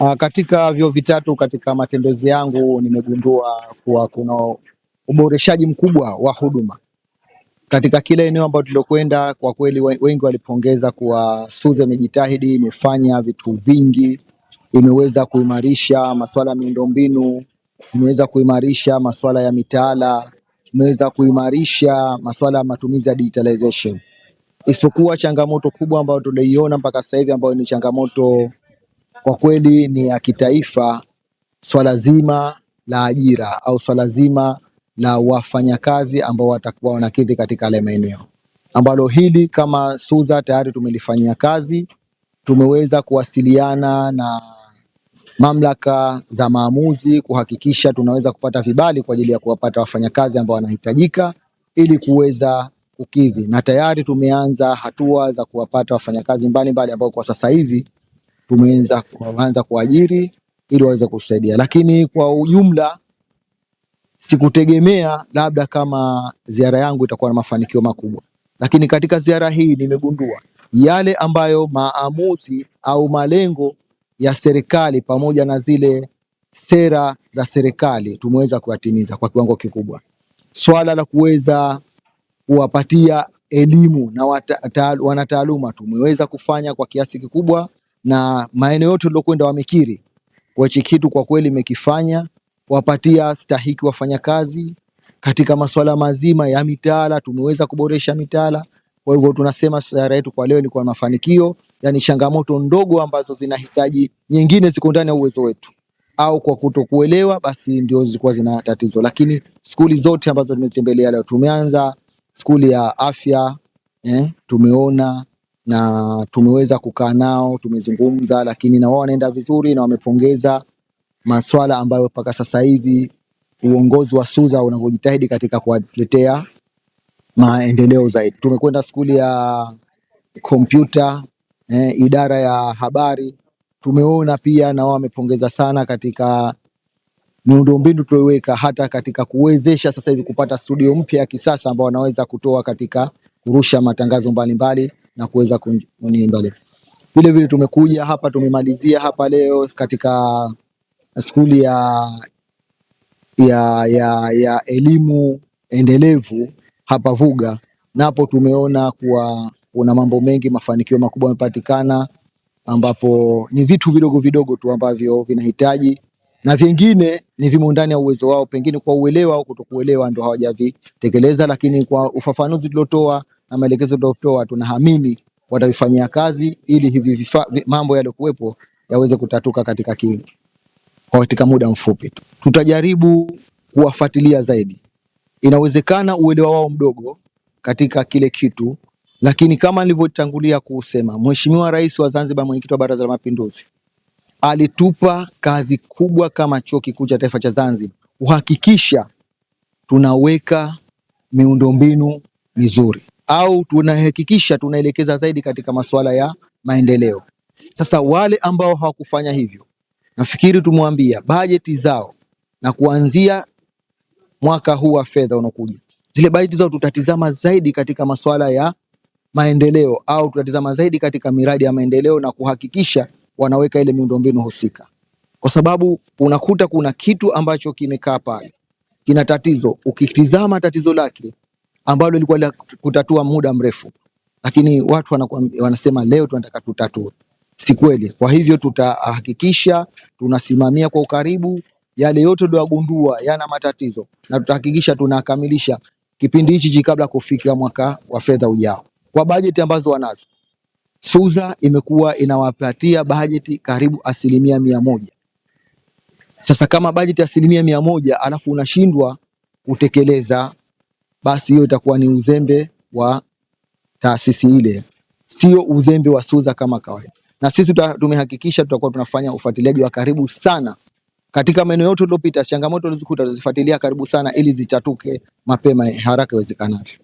Uh, katika vyuo vitatu katika matembezi yangu nimegundua kuwa kuna uboreshaji mkubwa wa huduma katika kila eneo ambayo tuliokwenda Kwa kweli wengi walipongeza kuwa SUZA imejitahidi, imefanya vitu vingi, imeweza kuimarisha masuala ya miundombinu, imeweza kuimarisha masuala ya mitaala, imeweza kuimarisha masuala ya matumizi ya digitalization, isipokuwa changamoto kubwa ambayo tuliiona mpaka sasa hivi ambayo ni changamoto kwa kweli ni ya kitaifa, swala zima la ajira au swala zima la wafanyakazi ambao watakuwa wanakidhi katika yale maeneo, ambalo hili kama SUZA tayari tumelifanyia kazi. Tumeweza kuwasiliana na mamlaka za maamuzi kuhakikisha tunaweza kupata vibali kwa ajili ya kuwapata wafanyakazi ambao wanahitajika ili kuweza kukidhi, na tayari tumeanza hatua za kuwapata wafanyakazi mbalimbali ambao kwa sasa hivi tumeanza kuanza kuajiri ili waweze kusaidia, lakini kwa ujumla sikutegemea labda kama ziara yangu itakuwa na mafanikio makubwa, lakini katika ziara hii nimegundua yale ambayo maamuzi au malengo ya serikali pamoja na zile sera za serikali tumeweza kuyatimiza kwa kiwango kikubwa. Swala la kuweza kuwapatia elimu na wanataaluma tumeweza kufanya kwa kiasi kikubwa na maeneo yote uliokwenda wamekiri kwa hichi kitu, kwa kweli imekifanya wapatia stahiki wafanyakazi katika masuala mazima ya mitaala. Tumeweza kuboresha mitaala, kwa hivyo tunasema ziara yetu kwa leo ni kwa mafanikio, yani changamoto ndogo ambazo zinahitaji nyingine ziko ndani ya uwezo wetu au kwa kutokuelewa basi ndio zilikuwa zina tatizo, lakini skuli zote ambazo tumetembelea leo, tumeanza skuli ya afya eh, tumeona na tumeweza kukaa nao, tumezungumza, lakini na wao wanaenda vizuri na wamepongeza maswala ambayo mpaka sasa hivi uongozi wa SUZA unavyojitahidi katika kuwaletea maendeleo zaidi. Tumekwenda skuli ya kompyuta eh, idara ya habari tumeona pia na wao wamepongeza sana katika miundombinu tulioweka, hata katika kuwezesha sasa hivi kupata studio mpya ya kisasa ambao wanaweza kutoa katika kurusha matangazo mbalimbali mbali na kuweza kuniangalia. Vile vile tumekuja hapa tumemalizia hapa leo katika skuli ya, ya, ya, ya elimu endelevu hapa Vuga, napo tumeona kuwa kuna mambo mengi, mafanikio makubwa yamepatikana, ambapo ni vitu vidogo vidogo tu ambavyo vinahitaji na vingine ni vimo ndani ya uwezo wao, pengine kwa uelewa au kutokuelewa ndo hawajavitekeleza, lakini kwa ufafanuzi tuliotoa na maelekezo tutakayotoa tunaamini watavifanyia kazi ili hivi vifaa mambo yaliyokuwepo yaweze kutatuka katika ki, kwa katika muda mfupi tu. Tutajaribu kuwafuatilia zaidi. Inawezekana uelewa wao mdogo katika kile kitu, lakini kama nilivyotangulia kusema, Mheshimiwa Rais wa Zanzibar, mwenyekiti wa Baraza la Mapinduzi, alitupa kazi kubwa kama Chuo Kikuu cha Taifa cha Zanzibar kuhakikisha tunaweka miundombinu mizuri au tunahakikisha tunaelekeza zaidi katika masuala ya maendeleo. Sasa wale ambao hawakufanya hivyo, nafikiri tumwambia bajeti zao na kuanzia mwaka huu wa fedha unaokuja, zile bajeti zao tutatizama zaidi katika masuala ya maendeleo au tutatizama zaidi katika miradi ya maendeleo na kuhakikisha wanaweka ile miundombinu husika, kwa sababu unakuta kuna kitu ambacho kimekaa pale kina tatizo, ukitizama tatizo lake ambalo lilikuwa la kutatua muda mrefu, lakini watu wanasema leo tunataka tutatue. Si kweli. Kwa hivyo tutahakikisha tunasimamia kwa ukaribu yale yote tuliyogundua yana matatizo, na tutahakikisha tunakamilisha kipindi hichi kabla kufika mwaka wa fedha ujao kwa bajeti ambazo wanazo. SUZA imekuwa inawapatia bajeti karibu asilimia mia moja. Sasa kama bajeti asilimia mia moja alafu unashindwa kutekeleza basi hiyo itakuwa ni uzembe wa taasisi ile, sio uzembe wa SUZA kama kawaida. Na sisi tumehakikisha tutakuwa tunafanya ufuatiliaji wa karibu sana katika maeneo yote uliopita, changamoto ulizokuta tutazifuatilia karibu sana, ili zichatuke mapema haraka iwezekanavyo.